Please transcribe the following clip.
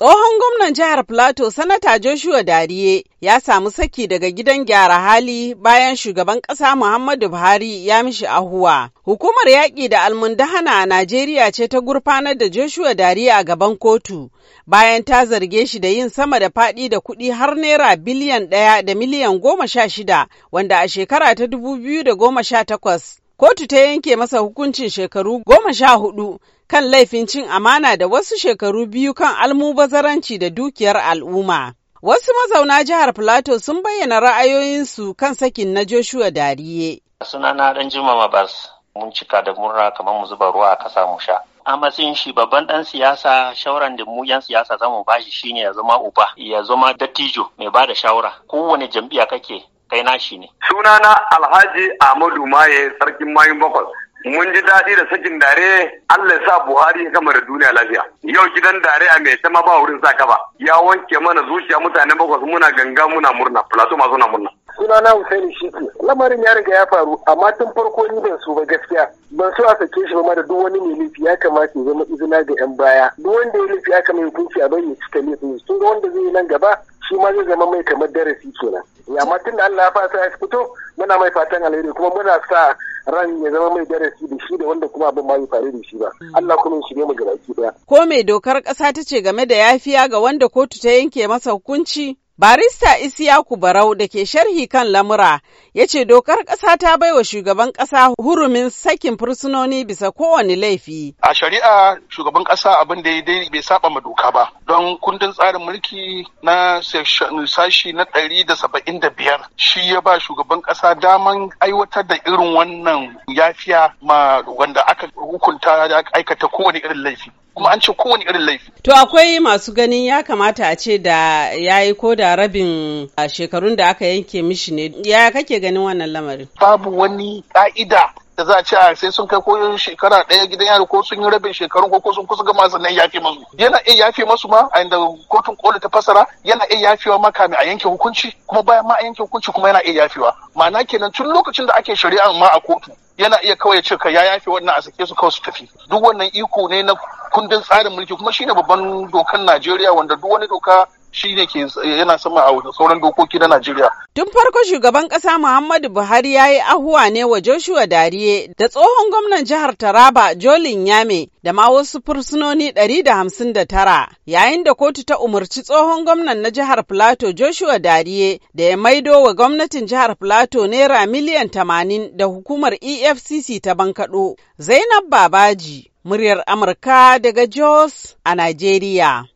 Tsohon gwamnan jihar Plateau Sanata Joshua Dariye ya samu saki daga gidan gyara hali bayan shugaban ƙasa Muhammadu Buhari ya mishi ahuwa. Hukumar yaƙi da almundahana a Najeriya ce ta gurfanar da Joshua Dariye a gaban kotu bayan ta zarge shi da yin sama da faɗi da kuɗi har naira biliyan ɗaya da miliyan goma sha shida wanda a shekara ta dubu biyu da goma sha takwas kotu ta yanke masa hukuncin shekaru goma sha hudu kan laifin cin amana da wasu shekaru biyu kan almubazaranci da dukiyar al'umma. Wasu mazauna jihar Filato sun bayyana ra'ayoyinsu kan sakin na Joshua Dariye. Sunana ɗan Juma Mabas, mun cika da murna kamar mu zuba ruwa a kasa mu sha. a matsayin shi babban dan siyasa shawaran da mu yan siyasa zamu bashi shine ya zama uba ya zama dattijo mai bada shawara kowane jam'iyya kake kai nashi ne sunana alhaji ahmadu maye sarkin mayun Bakwas. mun ji daɗi da sakin dare Allah ya sa Buhari ya gama da duniya lafiya yau gidan dare a mai sama ba wurin sa kaba. ya wanke mana zuciya mutane bakwas muna ganga muna murna Filato masu na murna sunana Hussaini Shiki lamarin ya riga ya faru amma tun farko ni ban so ba gaskiya ban so a sake shi ba ma da duk wani mai laifi ya kamata ya zama izina ga yan baya duk wanda ya laifi ya kamata ya a bayyana ya cika laifin sun wanda zai yi nan gaba shi ma zai zama mai kamar darasi kenan eh, amma tun da Allah ya fasa ya fito muna mai fatan alheri kuma muna sa ran ya zama mai darasi da shi da wanda kuma abin ma faru da shi ba Allah kuma shi ne mu gabaki daya ko mai dokar kasa ta ce game da yafiya ga wanda kotu ta yanke masa hukunci Barista Isiyaku Barau da ke sharhi kan lamura ya ce dokar ƙasa ta baiwa shugaban ƙasa hurumin sakin fursunoni bisa kowane laifi. A shari'a shugaban ƙasa abin da ya bai saba ma doka ba don kundin tsarin mulki na sashi na ɗari da saba'in da biyar shi ya ba shugaban ƙasa daman aiwatar da irin wannan yafiya ma wanda aka hukunta aikata kowane irin laifi. kuma an ce kowane irin laifi. To akwai masu ganin ya kamata a ce da ya yi ko da rabin shekarun da aka yanke mishi ne ya kake ganin wannan lamarin? Babu wani ka'ida da za a ce a sai sun kai koyon shekara ɗaya gidan yari ko sun yi rabin shekarun ko ko sun kusa gama sannan yafe masu yana iya yafe masu ma a inda kotun koli ta fasara yana iya yafewa ma a yanke hukunci kuma bayan ma a yanke hukunci kuma yana iya yafewa ma'ana kenan tun lokacin da ake shari'a ma a kotu yana iya kawai ce ka ya yafe wannan a sake su kawai su tafi duk wannan iko ne na kundin tsarin mulki kuma shine babban dokan Najeriya wanda duk wani doka shi ne ke yana sama a sauran dokoki na Najeriya. Tun farko shugaban kasa Muhammadu Buhari ya yi ahuwa ne wa Joshua Dariye da tsohon gwamnan jihar Taraba Jolin Yame da ma wasu fursunoni 159 yayin da kotu ta umarci tsohon gwamnan na jihar Filato Joshua Dariye da ya maido wa gwamnatin jihar Filato naira miliyan tamanin da hukumar EFCC ta bankaɗo. Zainab Babaji, muryar Amurka daga Jos a Najeriya.